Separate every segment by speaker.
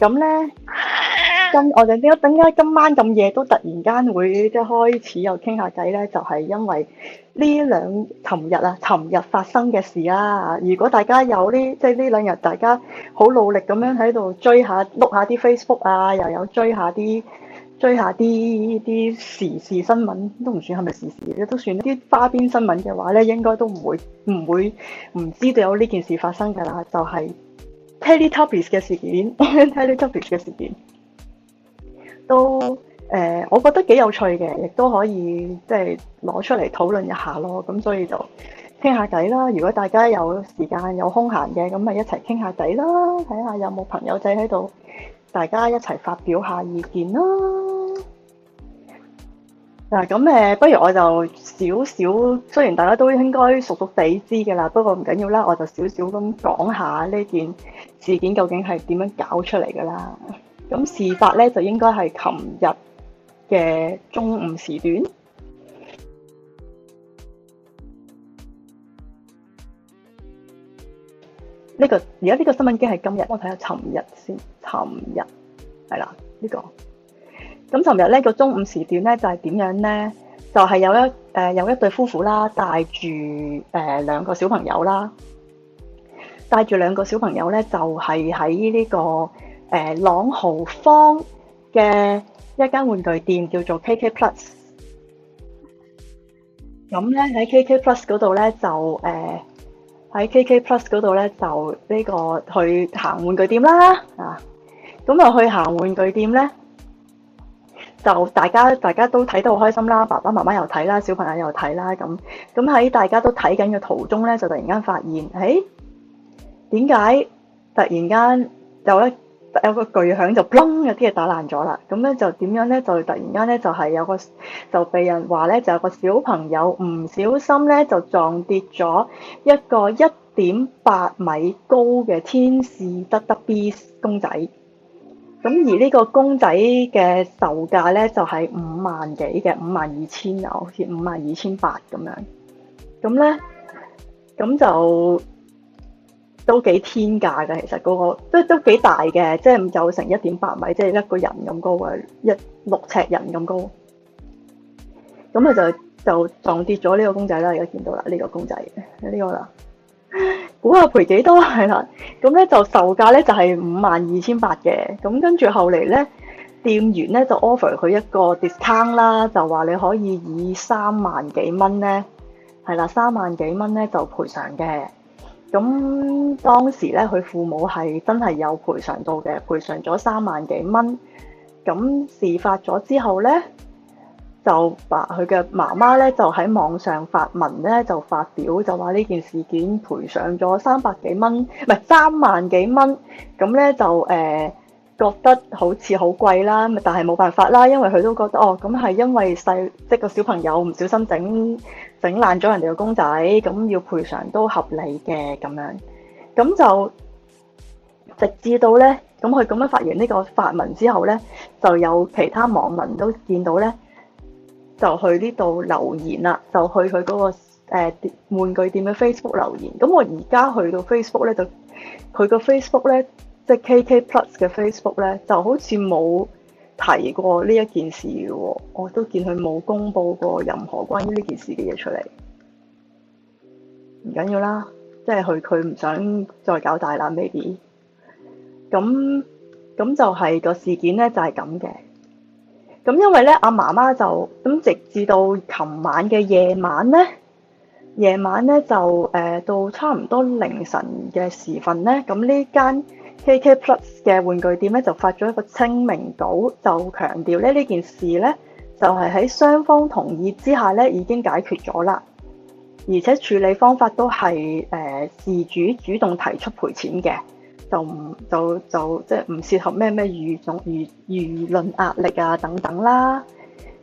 Speaker 1: 咁咧，今我哋點解？點解今晚咁夜都突然間會即係開始又傾下偈咧？就係、是、因為呢兩尋日啊，尋日發生嘅事啊。如果大家有呢，即係呢兩日大家好努力咁樣喺度追下、碌下啲 Facebook 啊，又有追下啲追下啲啲時事新聞，都唔算係咪時事都算啲花邊新聞嘅話咧，應該都唔會唔會唔知道有呢件事發生㗎啦，就係、是。Teletubbies 嘅事件 Teletubbies 嘅事件都誒、呃，我覺得幾有趣嘅，亦都可以即係攞出嚟討論一下咯。咁所以就傾下偈啦。如果大家有時間有空閒嘅，咁咪一齊傾下偈啦。睇下有冇朋友仔喺度，大家一齊發表下意見啦。嗱，咁誒，不如我就少少，雖然大家都應該熟熟地知嘅啦，不過唔緊要啦，我就少少咁講下呢件事件究竟係點樣搞出嚟嘅啦。咁事發咧就應該係琴日嘅中午時段。呢個而家呢個新聞已經係今日，我睇下琴日先。琴日係啦，呢個。咁尋日呢個中午時段咧就係點樣咧？就係、是就是、有一誒、呃、有一對夫婦啦，帶住誒、呃、兩個小朋友啦，帶住兩個小朋友咧就係喺呢個誒、呃、朗豪坊嘅一間玩具店叫做 KK Plus。咁咧喺 KK Plus 嗰度咧就誒喺、呃、KK Plus 嗰度咧就呢、呢個去行玩具店啦啊！咁啊去行玩具店咧。就大家大家都睇得好開心啦，爸爸媽媽又睇啦，小朋友又睇啦咁。咁喺大家都睇緊嘅途中咧，就突然間發現，誒點解突然間就有咧有個巨響就嘣，有啲嘢打爛咗啦。咁咧就點樣咧就突然間咧就係、是、有個就被人話咧就有個小朋友唔小心咧就撞跌咗一個一點八米高嘅天線得得 B 公仔。咁而呢個公仔嘅售價咧，就係五萬幾嘅，五萬二千啊，好似五萬二千八咁樣。咁咧，咁就都幾天價嘅，其實嗰個都都幾大嘅，即係就成一點八米，即係一個人咁高嘅，一六尺人咁高。咁啊就就撞跌咗呢個公仔啦，而家見到啦呢個公仔，呢個啦。估下賠幾多係啦？咁咧就售價咧就係五萬二千八嘅。咁跟住後嚟咧，店員咧就 offer 佢一個 discount 啦，就話你可以以三萬幾蚊咧係啦，三萬幾蚊咧就賠償嘅。咁當時咧，佢父母係真係有賠償到嘅，賠償咗三萬幾蚊。咁事發咗之後咧。就話佢嘅媽媽咧，就喺網上發文咧，就發表就話呢件事件賠償咗三百幾蚊，唔係三萬幾蚊咁咧，就誒、呃、覺得好似好貴啦，但係冇辦法啦，因為佢都覺得哦，咁係因為細即、就是、個小朋友唔小心整整爛咗人哋嘅公仔，咁要賠償都合理嘅咁樣。咁就直至到咧，咁佢咁樣發完呢個發文之後咧，就有其他網民都見到咧。就去呢度留言啦，就去佢嗰、嗰個誒、呃、玩具店嘅 Facebook 留言。咁我而家去到 Facebook 咧，就佢個 Facebook 咧，即係 KK Plus 嘅 Facebook 咧，就好似冇提過呢一件事嘅、哦。我都見佢冇公布過任何關於呢件事嘅嘢出嚟。唔緊要啦，即係佢佢唔想再搞大啦，maybe。咁咁就係、是、個事件咧，就係咁嘅。咁因為咧，阿媽媽就咁直至到琴晚嘅夜晚咧，夜晚咧就誒、呃、到差唔多凌晨嘅時分咧，咁呢間 KK Plus 嘅玩具店咧就發咗一個聲明稿，就強調咧呢件事咧就係喺雙方同意之下咧已經解決咗啦，而且處理方法都係誒事主主動提出賠錢嘅。就唔就就即係唔適合咩咩輿種輿輿論壓力啊、等等啦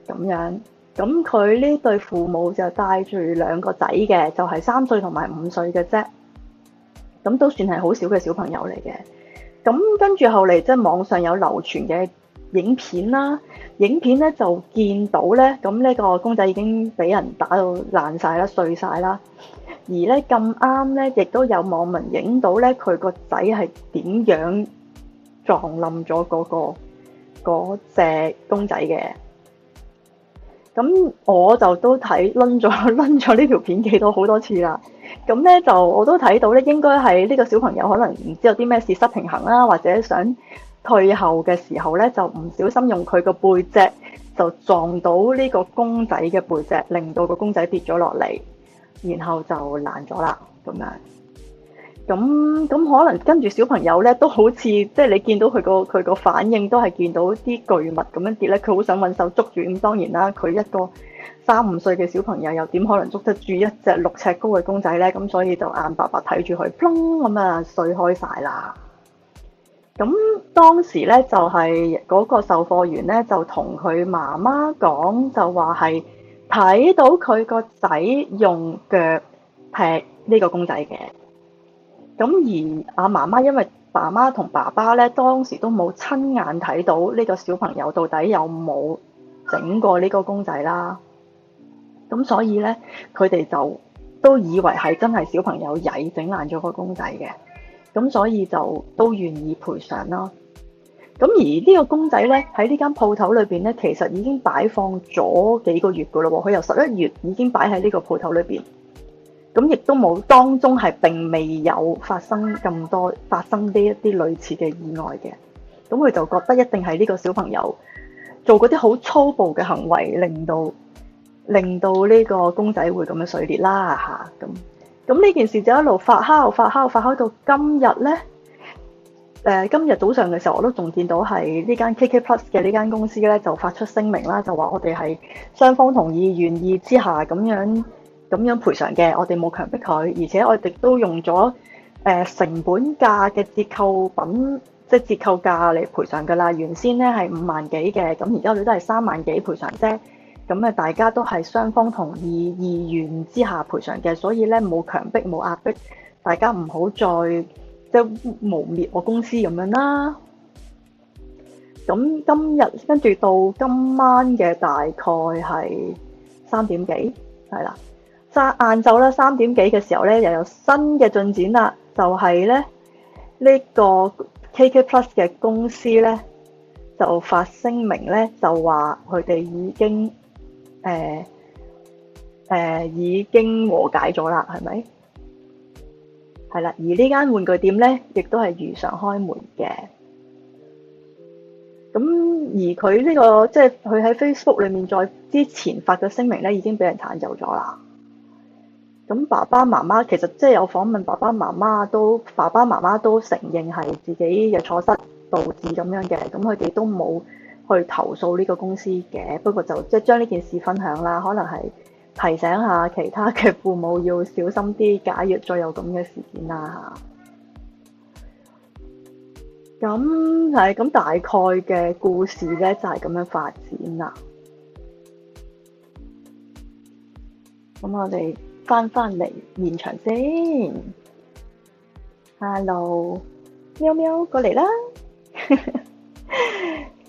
Speaker 1: 咁樣，咁佢呢對父母就帶住兩個仔嘅，就係、是、三歲同埋五歲嘅啫，咁都算係好少嘅小朋友嚟嘅。咁跟住後嚟，即係網上有流傳嘅。影片啦，影片咧就見到咧，咁呢個公仔已經俾人打到爛晒啦、碎晒啦。而咧咁啱咧，亦都有網民影到咧，佢個仔係點樣撞冧咗嗰個嗰隻公仔嘅。咁我就都睇攆咗攆咗呢條片幾多好多次啦。咁咧就我都睇到咧，應該係呢個小朋友可能唔知道啲咩事失平衡啦，或者想退後嘅時候咧，就唔小心用佢個背脊就撞到呢個公仔嘅背脊，令到個公仔跌咗落嚟，然後就爛咗啦咁樣。咁咁可能跟住小朋友咧，都好似即係你見到佢個佢個反應，都係見到啲巨物咁樣跌咧，佢好想揾手捉住。咁當然啦，佢一個三五歲嘅小朋友，又點可能捉得住一隻六尺高嘅公仔咧？咁所以就眼白白睇住佢，砰咁啊碎開晒啦！咁當時咧，就係嗰個售貨員咧，就同佢媽媽講，就話係睇到佢個仔用腳踢呢個公仔嘅。咁而阿媽媽因為爸媽同爸爸咧，當時都冇親眼睇到呢個小朋友到底有冇整過呢個公仔啦。咁所以咧，佢哋就都以為係真係小朋友曳整爛咗個公仔嘅。咁所以就都願意賠償啦。咁而呢個公仔呢，喺呢間鋪頭裏邊呢，其實已經擺放咗幾個月噶啦喎。佢由十一月已經擺喺呢個鋪頭裏邊，咁亦都冇當中係並未有發生咁多發生呢一啲類似嘅意外嘅。咁佢就覺得一定係呢個小朋友做嗰啲好粗暴嘅行為，令到令到呢個公仔會咁樣碎裂啦吓，咁、啊。咁呢件事就一路發酵、發酵、發酵到今日呢。誒、呃，今日早上嘅時候，我都仲見到係呢間 KK Plus 嘅呢間公司呢，就發出聲明啦，就話我哋係雙方同意、願意之下咁樣咁樣賠償嘅。我哋冇強迫佢，而且我哋都用咗、呃、成本價嘅折扣品，即係折扣價嚟賠償噶啦。原先呢係五萬幾嘅，咁而家佢都係三萬幾賠償啫。咁啊，大家都係雙方同意意願之下賠償嘅，所以咧冇強迫冇壓迫，大家唔好再即係污蔑我公司咁樣啦。咁今日跟住到今晚嘅大概係三點幾，係啦，下晏晝啦，三點幾嘅時候咧，又有新嘅進展啦，就係咧呢個 KK Plus 嘅公司咧就發聲明咧，就話佢哋已經。誒誒、嗯嗯、已經和解咗啦，係咪？係啦，而呢間玩具店咧，亦都係如常開門嘅。咁而佢呢個即係佢喺 Facebook 裏面再之前發嘅聲明咧，已經俾人鏟走咗啦。咁爸爸媽媽其實即係有訪問，爸爸媽媽都爸爸媽媽都承認係自己嘅錯失導致咁樣嘅，咁佢哋都冇。去投訴呢個公司嘅，不過就即係將呢件事分享啦，可能係提醒下其他嘅父母要小心啲，假若再有咁嘅事件啦吓，咁係咁大概嘅故事咧，就係咁樣發展啦。咁我哋翻翻嚟現場先。Hello，喵喵過嚟啦。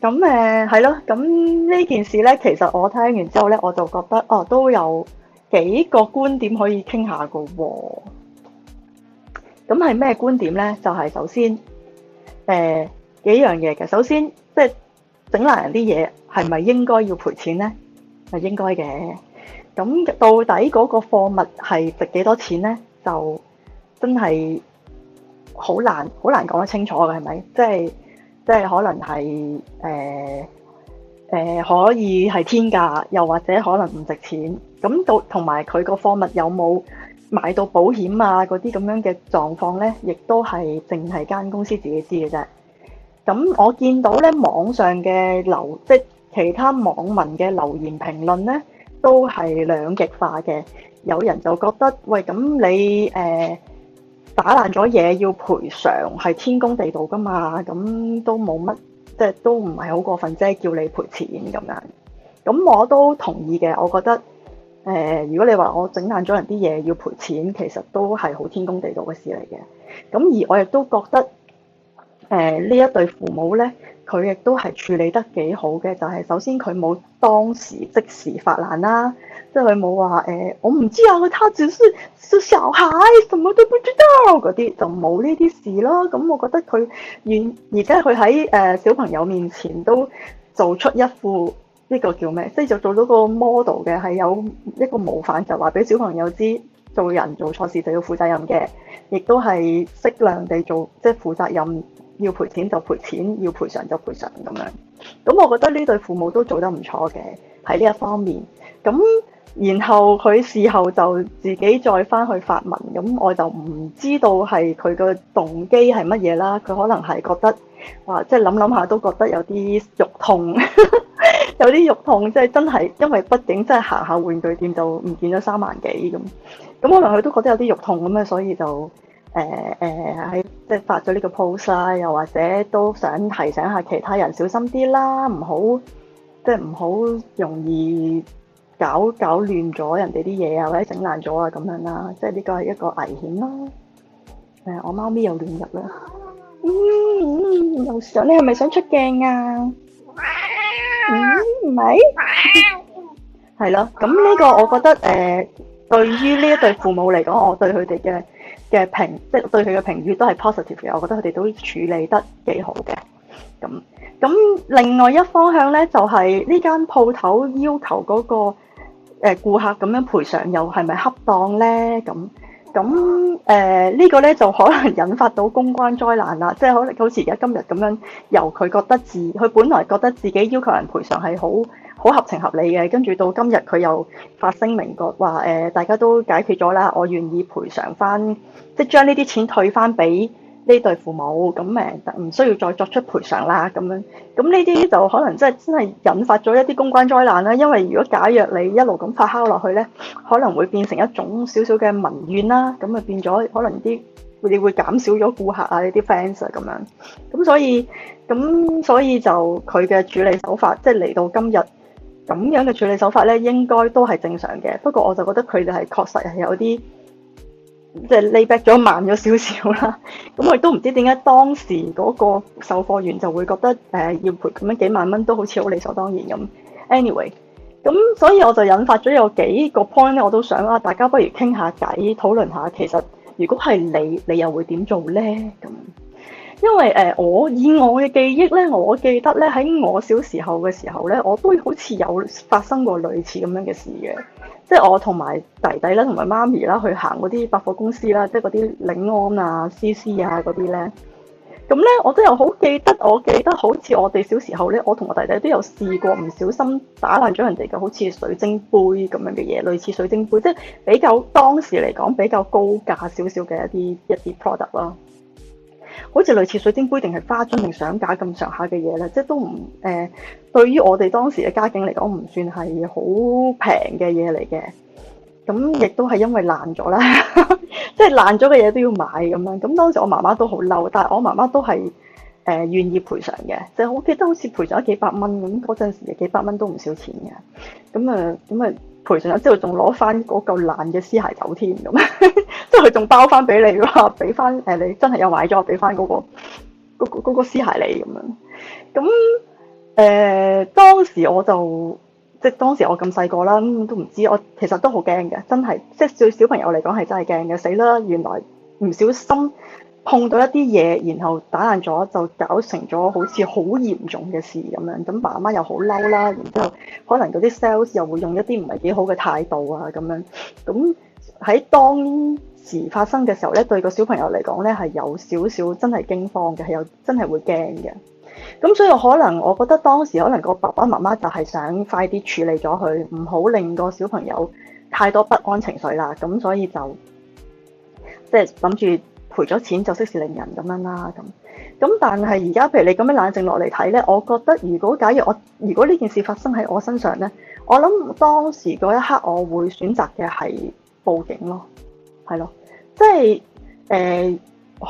Speaker 1: 咁誒係咯，咁呢、嗯、件事咧，其實我聽完之後咧，我就覺得哦，都有幾個觀點可以傾下嘅喎、哦。咁係咩觀點咧？就係、是、首先，誒、呃、幾樣嘢嘅。首先，即係整爛人啲嘢係咪應該要賠錢咧？係應該嘅。咁到底嗰個貨物係值幾多錢咧？就真係好難，好難講得清楚嘅，係咪？即係。即係可能係，誒、呃、誒、呃，可以係天價，又或者可能唔值錢，咁到同埋佢個貨物有冇買到保險啊？嗰啲咁樣嘅狀況呢，亦都係淨係間公司自己知嘅啫。咁我見到呢網上嘅留，即其他網民嘅留言評論呢，都係兩極化嘅。有人就覺得，喂，咁你誒。呃打爛咗嘢要賠償，係天公地道㗎嘛，咁都冇乜，即係都唔係好過分啫，叫你賠錢咁樣。咁我都同意嘅，我覺得，誒、呃，如果你話我整爛咗人啲嘢要賠錢，其實都係好天公地道嘅事嚟嘅。咁而我亦都覺得，誒、呃，呢一對父母咧。佢亦都係處理得幾好嘅，就係、是、首先佢冇當時即時發爛啦，即係佢冇話誒我唔知啊，佢攤住身，小孩什麼都不知道嗰啲，就冇呢啲事咯。咁、嗯、我覺得佢，而而且佢喺誒小朋友面前都做出一副呢、這個叫咩，即係就做咗個 model 嘅，係有一個模範，就話、是、俾小朋友知，做人做錯事就要負責任嘅，亦都係適量地做，即係負責任。要賠錢就賠錢，要賠償就賠償咁樣。咁我覺得呢對父母都做得唔錯嘅喺呢一方面。咁然後佢事後就自己再翻去發文，咁我就唔知道係佢嘅動機係乜嘢啦。佢可能係覺得話即係諗諗下都覺得有啲肉痛， 有啲肉痛，即係真係因為畢竟真係行下玩具店就唔見咗三萬幾咁。咁可能佢都覺得有啲肉痛咁啊，所以就。誒誒喺即係發咗呢個 post 啊，又或者都想提醒下其他人小心啲啦，唔好即係唔好容易搞搞亂咗人哋啲嘢啊，或者整爛咗啊咁樣啦，即係呢個係一個危險咯。誒，我貓咪又亂入啦。嗯，有想你係咪想出鏡啊？唔係，係咯。咁呢個我覺得誒，對於呢一對父母嚟講，我對佢哋嘅。嘅評即係對佢嘅評語都係 positive 嘅，我覺得佢哋都處理得幾好嘅。咁咁另外一方向呢，就係呢間鋪頭要求嗰個誒顧客咁樣賠償，又係咪恰當呢？咁咁誒呢個呢，就可能引發到公關災難啦，即係可能好似而家今日咁樣，由佢覺得自佢本來覺得自己要求人賠償係好。好合情合理嘅，跟住到今日佢又發聲明，個話誒大家都解決咗啦，我願意賠償翻，即係將呢啲錢退翻俾呢對父母，咁誒唔需要再作出賠償啦，咁樣。咁呢啲就可能真係真係引發咗一啲公關災難啦，因為如果假若你一路咁發酵落去呢，可能會變成一種少少嘅民怨啦，咁誒變咗可能啲會會減少咗顧客啊，呢啲 fans 啊咁樣。咁所以咁所以就佢嘅處理手法，即係嚟到今日。咁樣嘅處理手法咧，應該都係正常嘅。不過我就覺得佢哋係確實係有啲即係 lay back 咗慢咗少少啦。咁我亦都唔知點解當時嗰個售貨員就會覺得誒、呃、要賠咁樣幾萬蚊都好似好理所當然咁。Anyway，咁所以我就引發咗有幾個 point 咧，我都想啊，大家不如傾下偈，討論下其實如果係你，你又會點做呢？咁。因為誒、呃，我以我嘅記憶咧，我記得咧喺我小時候嘅時候咧，我都好似有發生過類似咁樣嘅事嘅，即係我同埋弟弟啦，同埋媽咪啦，去行嗰啲百貨公司啦，即係嗰啲領安啊、CC 啊嗰啲咧。咁咧，我都有好記得，我記得好似我哋小時候咧，我同我弟弟都有試過唔小心打爛咗人哋嘅，好似水晶杯咁樣嘅嘢，類似水晶杯，即係比較當時嚟講比較高價少少嘅一啲一啲 product 啦。好似類似水晶杯定係花樽定相架咁上下嘅嘢咧，即係都唔誒、呃，對於我哋當時嘅家境嚟講，唔算係好平嘅嘢嚟嘅。咁亦都係因為爛咗啦， 即係爛咗嘅嘢都要買咁樣。咁當時我媽媽都好嬲，但係我媽媽都係誒、呃、願意賠償嘅。就我記得好似賠咗幾百蚊咁，嗰陣時嘅幾百蚊都唔少錢嘅。咁啊、呃，咁啊賠償咗之後仲攞翻嗰嚿爛嘅絲鞋走添咁。 即係佢仲包翻俾你啦，俾翻誒你真係有壞咗，俾翻嗰個嗰、嗰個嗰、嗰個私鞋你咁樣。咁誒、呃，當時我就即係當時我咁細個啦，都唔知。我其實都好驚嘅，真係即係對小朋友嚟講係真係驚嘅。死啦！原來唔小心碰到一啲嘢，然後打爛咗，就搞成咗好似好嚴重嘅事咁樣。咁爸媽又好嬲啦，然之後可能嗰啲 sales 又會用一啲唔係幾好嘅態度啊咁樣咁。喺當時發生嘅時候咧，對個小朋友嚟講咧係有少少真係驚慌嘅，係有真係會驚嘅。咁所以可能我覺得當時可能個爸爸媽媽就係想快啲處理咗佢，唔好令個小朋友太多不安情緒啦。咁所以就即係諗住賠咗錢就息事寧人咁樣啦。咁咁，但係而家譬如你咁樣冷靜落嚟睇咧，我覺得如果假如我如果呢件事發生喺我身上咧，我諗當時嗰一刻我會選擇嘅係。報警咯，係咯，即係誒、呃，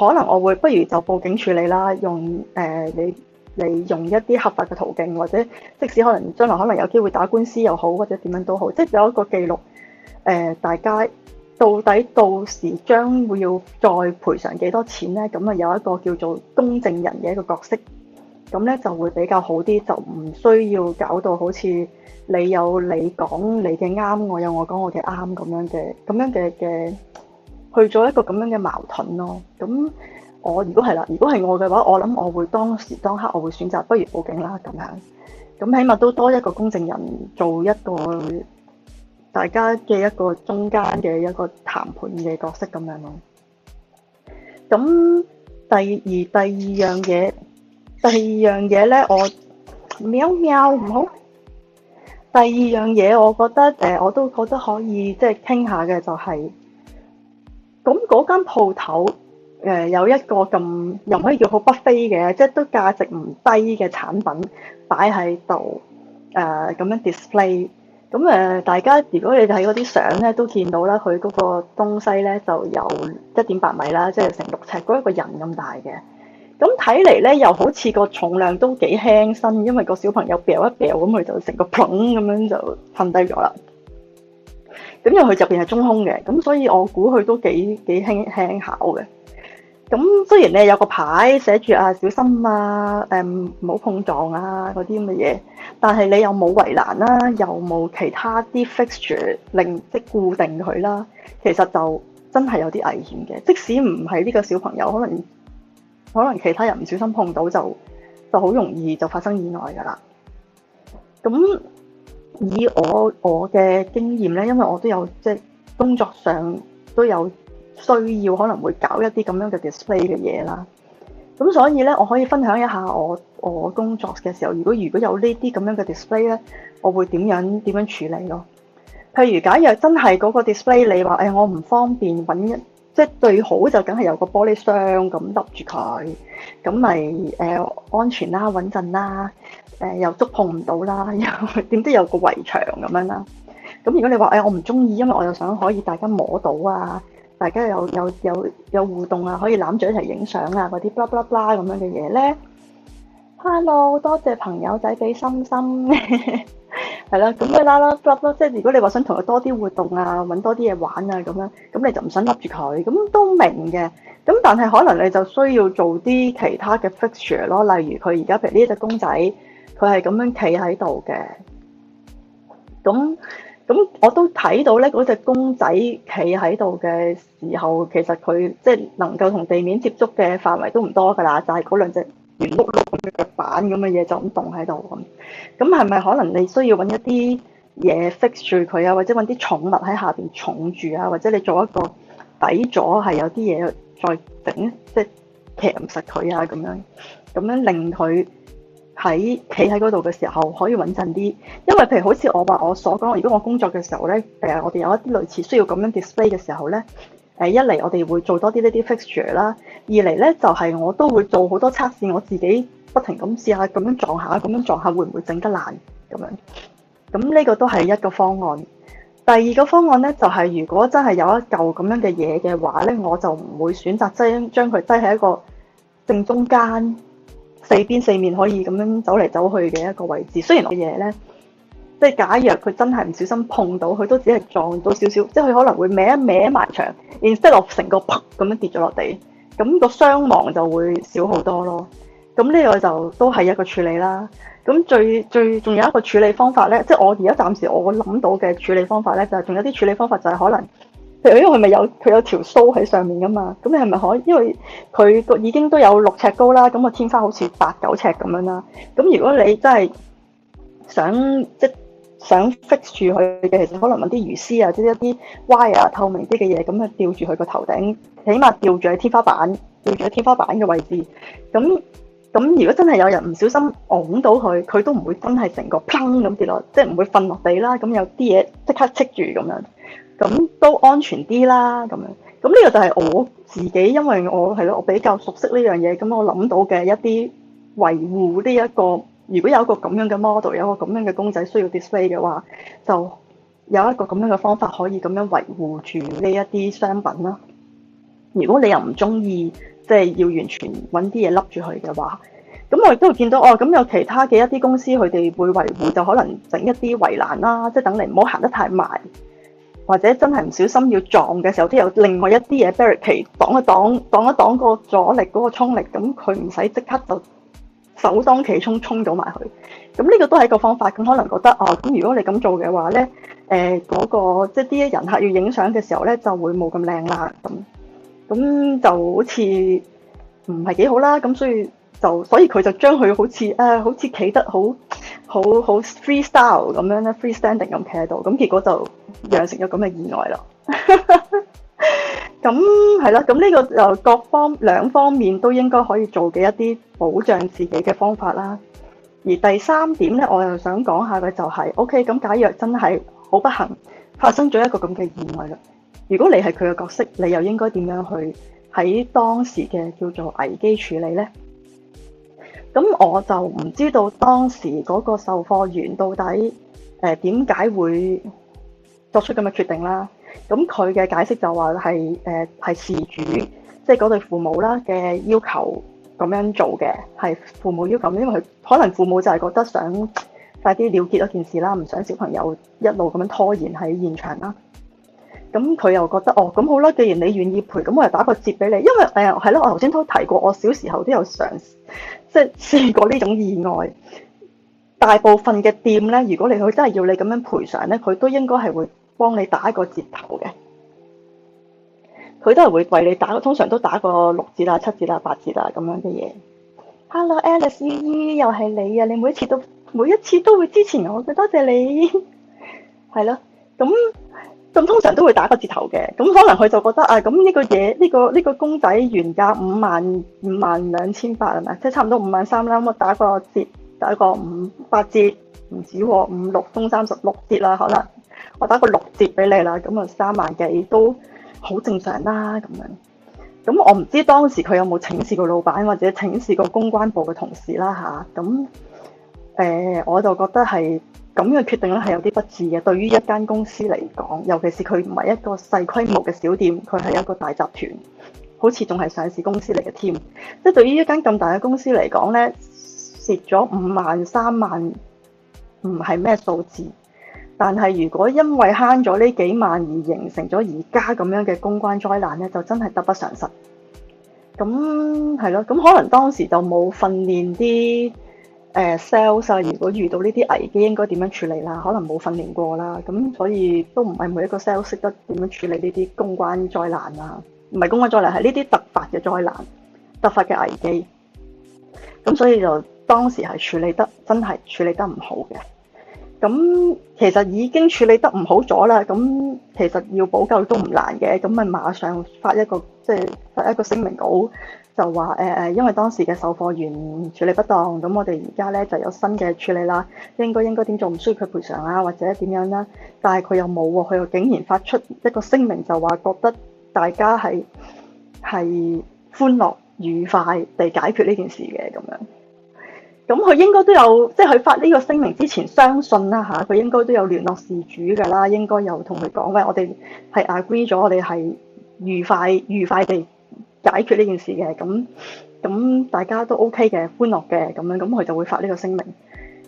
Speaker 1: 可能我會不如就報警處理啦，用誒、呃、你你用一啲合法嘅途徑，或者即使可能將來可能有機會打官司又好，或者點樣都好，即係有一個記錄誒、呃，大家到底到時將會要再賠償幾多錢呢？咁，啊有一個叫做公證人嘅一個角色。咁咧就會比較好啲，就唔需要搞到好似你有你講你嘅啱，我有我講我嘅啱咁樣嘅，咁樣嘅嘅去咗一個咁樣嘅矛盾咯。咁我如果係啦，如果係我嘅話，我諗我會當時當刻，我會選擇不如報警啦咁樣。咁起碼都多一個公證人做一個大家嘅一個中間嘅一個談判嘅角色咁樣咯。咁第二，第二樣嘢。第二樣嘢咧，我喵喵唔好。第二樣嘢，我覺得誒，我都覺得可以即係傾下嘅、就係，就係咁嗰間鋪頭有一個咁又可以叫好不菲嘅，即係都價值唔低嘅產品擺喺度誒，咁、呃、樣 display。咁誒，大家如果你睇嗰啲相咧，都見到啦，佢嗰個東西咧就有一點八米啦，即係成六尺嗰一個人咁大嘅。咁睇嚟咧，又好似個重量都幾輕身，因為個小朋友掉一掉咁，佢就成個嘭咁樣就瞓低咗啦。咁又佢入邊係中空嘅，咁所以我估佢都幾幾輕輕巧嘅。咁雖然你有個牌寫住啊小心啊，誒唔好碰撞啊嗰啲咁嘅嘢，但係你又冇圍欄啦，又冇其他啲 fixture，令即固定佢啦。其實就真係有啲危險嘅，即使唔係呢個小朋友可能。可能其他人唔小心碰到就就好容易就發生意外噶啦。咁以我我嘅經驗咧，因為我都有即係工作上都有需要，可能會搞一啲咁樣嘅 display 嘅嘢啦。咁所以咧，我可以分享一下我我工作嘅時候，如果如果有呢啲咁樣嘅 display 咧，我會點樣點樣處理咯。譬如假如真係嗰個 display 你話，誒我唔方便揾人。即係最好就梗係有個玻璃箱咁笠住佢，咁咪誒安全啦、穩陣啦，誒、呃、又觸碰唔到啦，又點知有個圍牆咁樣啦。咁如果你話誒、哎、我唔中意，因為我又想可以大家摸到啊，大家又有有有、有互動啊，可以攬住一齊影相啊，嗰啲 blah blah blah 咁樣嘅嘢咧。Hello，多謝朋友仔俾心心。 係啦，咁咪拉拉擸咯，即係、就是、如果你話想同佢多啲活動啊，搵多啲嘢玩啊，咁樣，咁你就唔想笠住佢，咁都明嘅。咁但係可能你就需要做啲其他嘅 furniture 咯，例如佢而家譬如呢隻公仔，佢係咁樣企喺度嘅。咁咁我都睇到咧，嗰隻公仔企喺度嘅時候，其實佢即係能夠同地面接觸嘅範圍都唔多噶啦，就係嗰兩隻。圓碌碌嘅腳板咁嘅嘢就咁棟喺度咁，咁係咪可能你需要揾一啲嘢 fix 住佢啊，或者揾啲寵物喺下邊重住啊，或者你做一個底座，係有啲嘢再整，即係騎唔實佢啊咁樣，咁樣令佢喺企喺嗰度嘅時候可以穩陣啲。因為譬如好似我話我所講，如果我工作嘅時候咧，誒我哋有一啲類似需要咁樣 display 嘅時候咧。誒一嚟我哋會做多啲呢啲 fixture 啦，二嚟呢就係、是、我都會做好多測試，我自己不停咁試下,下，咁樣撞下，咁樣撞下會唔會整得爛咁樣？咁呢個都係一個方案。第二個方案呢，就係、是、如果真係有一嚿咁樣嘅嘢嘅話呢，我就唔會選擇擠將佢擠喺一個正中間，四邊四面可以咁樣走嚟走去嘅一個位置。雖然我嘅嘢呢。即係假若佢真係唔小心碰到，佢都只係撞到少少，即係佢可能會歪一歪埋牆，然之後落成個噗咁樣跌咗落地，咁個傷亡就會少好多咯。咁呢個就都係一個處理啦。咁最最仲有一個處理方法咧，即係我而家暫時我諗到嘅處理方法咧，就係仲有啲處理方法就係可能，譬如因為佢咪有佢有條鬚喺上面噶嘛，咁你係咪可以？因為佢個已經都有六尺高啦，咁個天花好似八九尺咁樣啦，咁如果你真係想即想 fix 住佢嘅，其實可能揾啲魚絲啊，即係一啲 wire 透明啲嘅嘢，咁啊吊住佢個頭頂，起碼吊住喺天花板，吊住喺天花板嘅位置。咁咁，如果真係有人唔小心㧬到佢，佢都唔會真係成個砰咁跌落，即係唔會瞓落地啦。咁有啲嘢即刻黐住咁樣，咁都安全啲啦。咁樣，咁呢個就係我自己，因為我係咯，我比較熟悉呢樣嘢，咁我諗到嘅一啲維護呢一個。如果有一個咁樣嘅 model，有一個咁樣嘅公仔需要 display 嘅話，就有一個咁樣嘅方法可以咁樣維護住呢一啲商品啦。如果你又唔中意，即係要完全揾啲嘢笠住佢嘅話，咁我亦都會見到哦。咁有其他嘅一啲公司佢哋會維護，就可能整一啲圍欄啦，即係等你唔好行得太埋，或者真係唔小心要撞嘅時候，都有另外一啲嘢 barricade 擋一擋、擋一擋個阻力、嗰個衝力，咁佢唔使即刻就。首當其衝衝咗埋去，咁呢個都係一個方法。咁可能覺得啊，咁、哦、如果你咁做嘅話呢，誒嗰個即係啲人客要影相嘅時候呢，就會冇咁靚啦。咁咁就好似唔係幾好啦。咁所以就所以佢就將佢好似啊、呃，好似企得好好好 free style 咁樣咧 ，free standing 咁企喺度。咁結果就釀成咗咁嘅意外啦。 咁係啦，咁呢個誒各方兩方面都應該可以做嘅一啲保障自己嘅方法啦。而第三點呢，我又想講下嘅就係、是，OK，咁、嗯、假若真係好不幸發生咗一個咁嘅意外啦，如果你係佢嘅角色，你又應該點樣去喺當時嘅叫做危機處理呢？咁我就唔知道當時嗰個售貨員到底誒點解會作出咁嘅決定啦。咁佢嘅解釋就話係誒係事主，即係嗰對父母啦嘅要求咁樣做嘅，係父母要求，因為佢可能父母就係覺得想快啲了結一件事啦，唔想小朋友一路咁樣拖延喺現場啦。咁佢又覺得哦，咁好啦，既然你願意賠，咁我嚟打個折俾你，因為誒係咯，我頭先都提過，我小時候都有嘗即係試過呢種意外。大部分嘅店咧，如果你佢真係要你咁樣賠償咧，佢都應該係會，幫你打一個折頭嘅，佢都係會為你打，通常都打個六折啊、七折啊、八折啊咁樣嘅嘢。Hello，Alice，又係你啊！你每一次都每一次都會支持我，多謝你。係 咯，咁咁通常都會打個折頭嘅，咁可能佢就覺得啊，咁呢個嘢，呢個呢個公仔原價五萬五萬兩千八係咪？即係差唔多五萬三啦，咁打個折，打一個五八折，唔止喎，五六中三十六折啦，可能。我打個六折俾你啦，咁啊三萬幾都好正常啦咁樣。咁我唔知當時佢有冇請示過老闆或者請示過公關部嘅同事啦吓，咁、啊、誒、呃、我就覺得係咁樣決定咧係有啲不智嘅。對於一間公司嚟講，尤其是佢唔係一個細規模嘅小店，佢係一個大集團，好似仲係上市公司嚟嘅添。即對於一間咁大嘅公司嚟講呢，蝕咗五萬三萬唔係咩數字。但係如果因為慳咗呢幾萬而形成咗而家咁樣嘅公關災難呢，就真係得不償失。咁係咯，咁可能當時就冇訓練啲誒 sales 啊，如果遇到呢啲危機應該點樣處理啦，可能冇訓練過啦。咁所以都唔係每一個 sales 識得點樣處理呢啲公關災難啦，唔係公關災難，係呢啲突發嘅災難、突發嘅危機。咁所以就當時係處理得真係處理得唔好嘅。咁其實已經處理得唔好咗啦，咁其實要補救都唔難嘅，咁咪馬上發一個即係、就是、發一個聲明稿，就話誒誒，因為當時嘅售貨員處理不當，咁我哋而家咧就有新嘅處理啦，應該應該點做，唔需要佢賠償啦，或者點樣啦，但係佢又冇喎，佢又竟然發出一個聲明就話覺得大家係係歡樂愉快地解決呢件事嘅咁樣。咁佢應該都有，即係佢發呢個聲明之前，相信啦嚇，佢、啊、應該都有聯絡事主㗎啦，應該有同佢講喂，我哋係 agree 咗，我哋係愉快愉快地解決呢件事嘅，咁咁大家都 OK 嘅，歡樂嘅咁樣，咁佢就會發呢個聲明。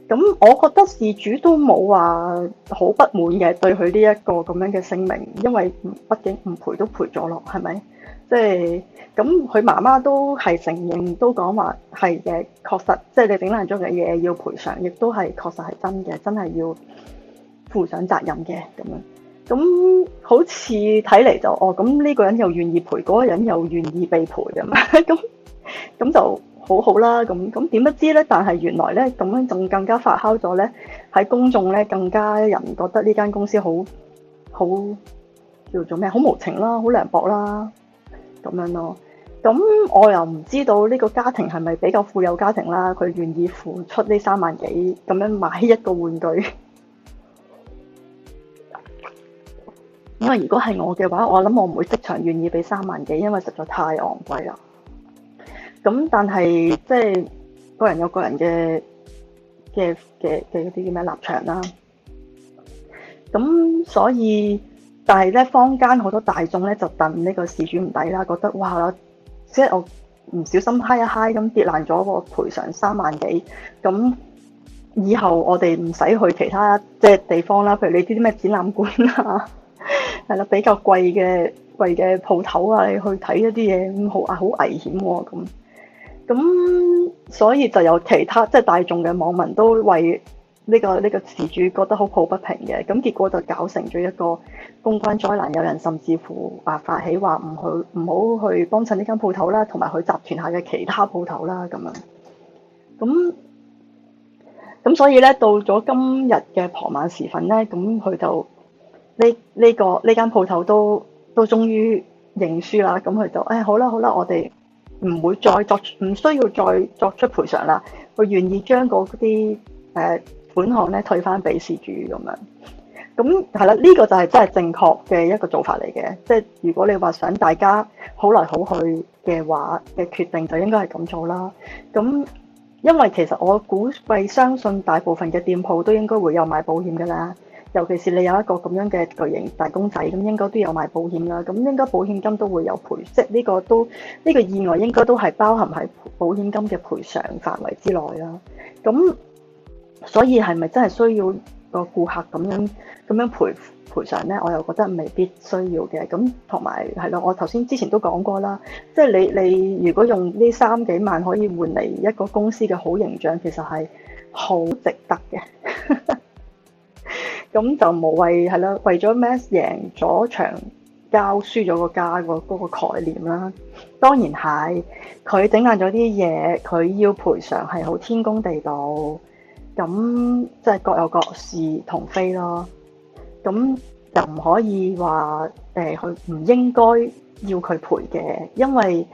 Speaker 1: 咁我覺得事主都冇話好不滿嘅對佢呢一個咁樣嘅聲明，因為畢竟唔賠都賠咗咯，係咪？即係咁，佢媽媽都係承認，都講話係嘅，確實即係你整爛咗嘅嘢要賠償，亦都係確實係真嘅，真係要負上責任嘅咁樣。咁好似睇嚟就哦，咁呢個人又願意賠，嗰個人又願意被賠啊嘛，咁咁 就好好啦。咁咁點不知咧？但係原來咧咁樣更更加發酵咗咧，喺公眾咧更加人覺得呢間公司好好叫做咩？好無情啦，好涼薄啦。咁樣咯，咁我又唔知道呢個家庭係咪比較富有家庭啦，佢願意付出呢三萬幾咁樣買一個玩具。 因為如果係我嘅話，我諗我唔會即場願意俾三萬幾，因為實在太昂貴啦。咁但係即係個人有個人嘅嘅嘅嘅嗰啲叫咩立場啦。咁所以。但係咧，坊間好多大眾咧就戥呢個事主唔抵啦，覺得哇，即係我唔小心嗨一嗨咁跌爛咗，我賠償三萬幾，咁以後我哋唔使去其他即係地方啦，譬如你啲啲咩展覽館啊，係 啦，比較貴嘅貴嘅鋪頭啊，你去睇一啲嘢咁好啊，好危險喎、哦、咁，咁所以就有其他即係大眾嘅網民都為。呢、這個呢、這個事主覺得好抱不平嘅，咁結果就搞成咗一個公關災難，有人甚至乎啊發起話唔好唔好去幫襯呢間鋪頭啦，同埋去，去集團下嘅其他鋪頭啦，咁樣。咁咁所以呢，到咗今日嘅傍晚時分呢，咁佢就呢呢、這個呢間鋪頭都都終於認輸啦。咁佢就誒、哎、好啦好啦，我哋唔會再作唔需要再作出賠償啦。佢願意將嗰啲誒。呃本行咧退翻俾事主咁樣，咁係啦，呢個就係真係正確嘅一個做法嚟嘅。即係如果你話想大家好來好去嘅話嘅決定，就應該係咁做啦。咁因為其實我估計相信大部分嘅店鋪都應該會有買保險噶啦，尤其是你有一個咁樣嘅巨型大公仔，咁應該都有買保險啦。咁應該保險金都會有賠，即係呢個都呢個意外應該都係包含喺保險金嘅賠償範圍之內啦。咁所以係咪真係需要個顧客咁樣咁樣賠賠償呢？我又覺得未必需要嘅。咁同埋係咯，我頭先之前都講過啦，即係你你如果用呢三幾萬可以換嚟一個公司嘅好形象，其實係好值得嘅。咁 就無謂係咯，為咗 match 贏咗場交輸咗個家嘅，嗰個概念啦。當然係，佢整爛咗啲嘢，佢要賠償係好天公地道。咁即係各有各是同非咯，咁又唔可以話誒，佢、呃、唔應該要佢賠嘅，因為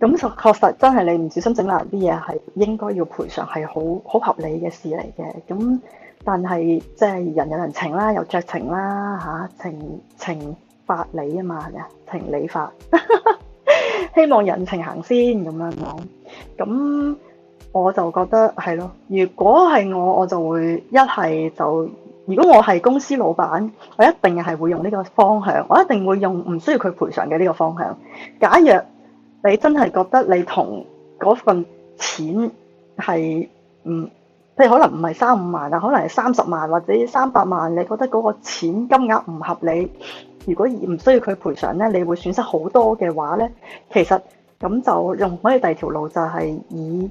Speaker 1: 咁就確實真係你唔小心整爛啲嘢係應該要賠償，係好好合理嘅事嚟嘅。咁但係即係人有人情啦，有酌情啦，吓、啊、情情法理啊嘛係咪啊？情理法， 希望人情行先咁樣講，咁。我就覺得係咯。如果係我，我就會一係就，如果我係公司老闆，我一定係會用呢個方向，我一定會用唔需要佢賠償嘅呢個方向。假若你真係覺得你同嗰份錢係唔，嗯、譬如可能唔係三五萬啊，可能係三十萬或者三百萬，你覺得嗰個錢金額唔合理，如果唔需要佢賠償呢，你會損失好多嘅話呢。其實咁就用可以第二條路就係以。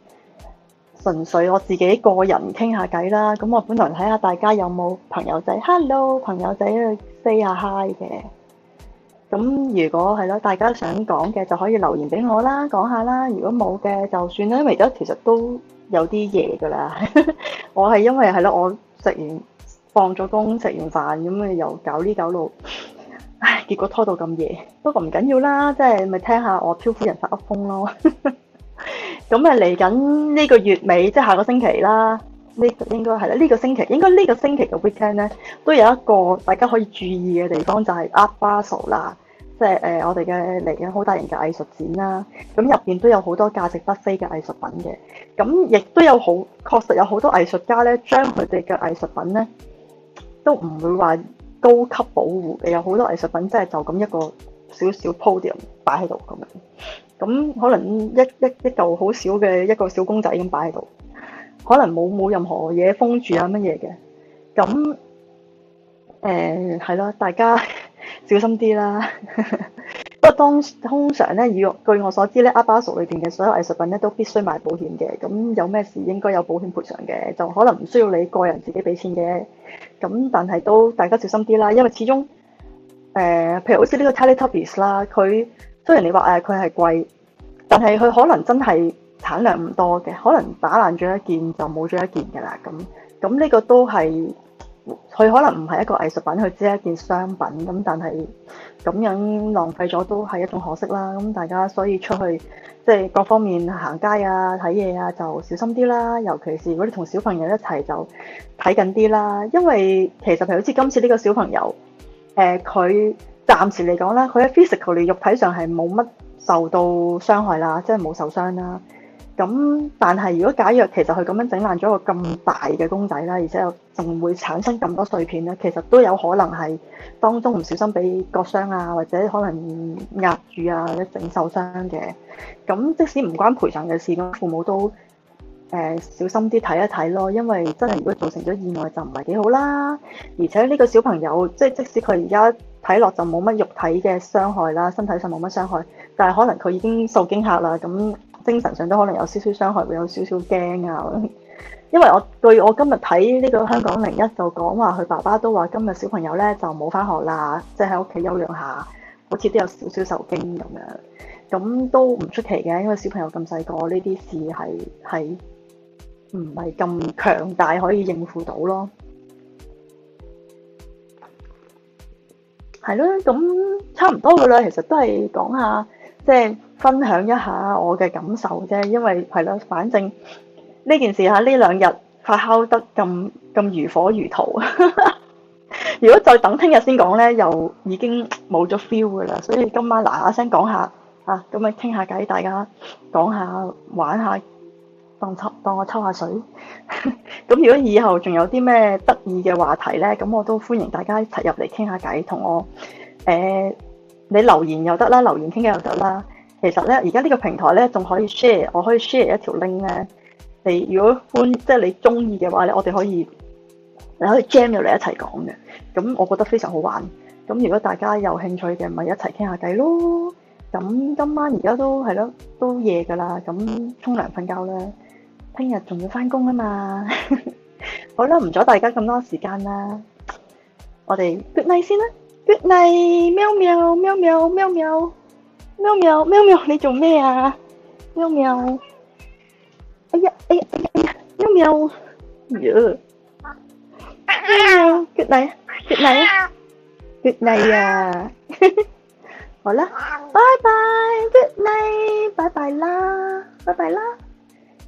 Speaker 1: 純粹我自己個人傾下偈啦，咁我本來睇下大家有冇朋友仔，hello 朋友仔去 say 下 hi 嘅。咁如果係咯，大家想講嘅就可以留言俾我啦，講下啦。如果冇嘅，就算啦，因為而家其實都有啲夜噶啦。我係因為係咯，我食完放咗工，食完飯咁啊，又搞呢搞路，唉，結果拖到咁夜。不過唔緊要啦，即係咪聽下我漂夫人發噏風咯。咁誒嚟緊呢個月尾，即係下個星期啦。呢、這個應該係啦，呢、這個星期應該呢個星期嘅 weekend 咧，都有一個大家可以注意嘅地方，就係、是、Art Basel 啦，即係誒、呃、我哋嘅嚟緊好大型嘅藝術展啦。咁入邊都有好多價值不菲嘅藝術品嘅。咁、嗯、亦都有好，確實有好多藝術家咧，將佢哋嘅藝術品咧，都唔會話高級保護嘅，有好多藝術品即係就咁一個少少 podium 擺喺度咁樣。咁、嗯、可能一一一嚿好少嘅一個小公仔咁擺喺度，可能冇冇任何嘢封住啊乜嘢嘅。咁誒係咯，大家小心啲啦。不過當通常咧，以據我所知咧，阿巴屬裏邊嘅所有藝術品咧都必須買保險嘅。咁有咩事應該有保險賠償嘅，就可能唔需要你個人自己俾錢嘅。咁但係都大家小心啲啦，因為始終誒、呃，譬如好似呢個 Teletubbies 啦，佢。雖然你話誒佢係貴，但係佢可能真係產量唔多嘅，可能打爛咗一件就冇咗一件噶啦咁。咁呢個都係佢可能唔係一個藝術品，佢只係一件商品咁。但係咁樣浪費咗都係一種可惜啦。咁大家所以出去即係、就是、各方面行街啊、睇嘢啊，就小心啲啦。尤其是如果你同小朋友一齊就睇緊啲啦，因為其實係好似今次呢個小朋友誒佢。呃暫時嚟講啦，佢喺 physical 嘅，肉體上係冇乜受到傷害啦，即係冇受傷啦。咁但係如果假若其實佢咁樣整爛咗個咁大嘅公仔啦，而且又仲會產生咁多碎片咧，其實都有可能係當中唔小心俾割傷啊，或者可能壓住啊或者整受傷嘅。咁即使唔關賠償嘅事，咁父母都，誒小心啲睇一睇咯，因為真係如果造成咗意外就唔係幾好啦。而且呢個小朋友，即係即使佢而家睇落就冇乜肉體嘅傷害啦，身體上冇乜傷害，但係可能佢已經受驚嚇啦，咁精神上都可能有少少傷害，會有少少驚啊。 因為我據我今日睇呢個香港零一、香港01就講話，佢爸爸都話今日小朋友呢就冇返學啦，即係喺屋企休養下，好似都有少少受驚咁樣。咁都唔出奇嘅，因為小朋友咁細個，呢啲事係，係。唔係咁強大可以應付到咯，係咯，咁差唔多噶啦。其實都係講下，即係分享一下我嘅感受啫。因為係啦，反正呢件事嚇呢兩日發酵得咁咁如火如荼。如果再等聽日先講呢，又已經冇咗 feel 噶啦。所以今晚嗱嗱聲講下嚇，咁樣傾下偈，大家講下玩下。當抽當我抽下水，咁 如果以後仲有啲咩得意嘅話題呢，咁我都歡迎大家一齊入嚟傾下偈，同我誒、呃、你留言又得啦，留言傾偈又得啦。其實呢，而家呢個平台呢，仲可以 share，我可以 share 一條 link 咧。你如果歡即係你中意嘅話咧，我哋可以你可以 jam 入嚟一齊講嘅。咁我覺得非常好玩。咁如果大家有興趣嘅，咪一齊傾下偈咯。咁今晚而家都係咯，都夜噶啦，咁沖涼瞓覺啦。聽日仲要翻工啊嘛，好啦，唔阻大家咁多時間啦，我哋 good night 先啦，good night，喵喵喵喵喵喵喵喵喵，你做咩啊？喵喵，哎呀哎呀哎呀，喵喵，耶，喵，good night，good night，good night 啊，好啦，拜拜，good night，拜拜啦，拜拜啦。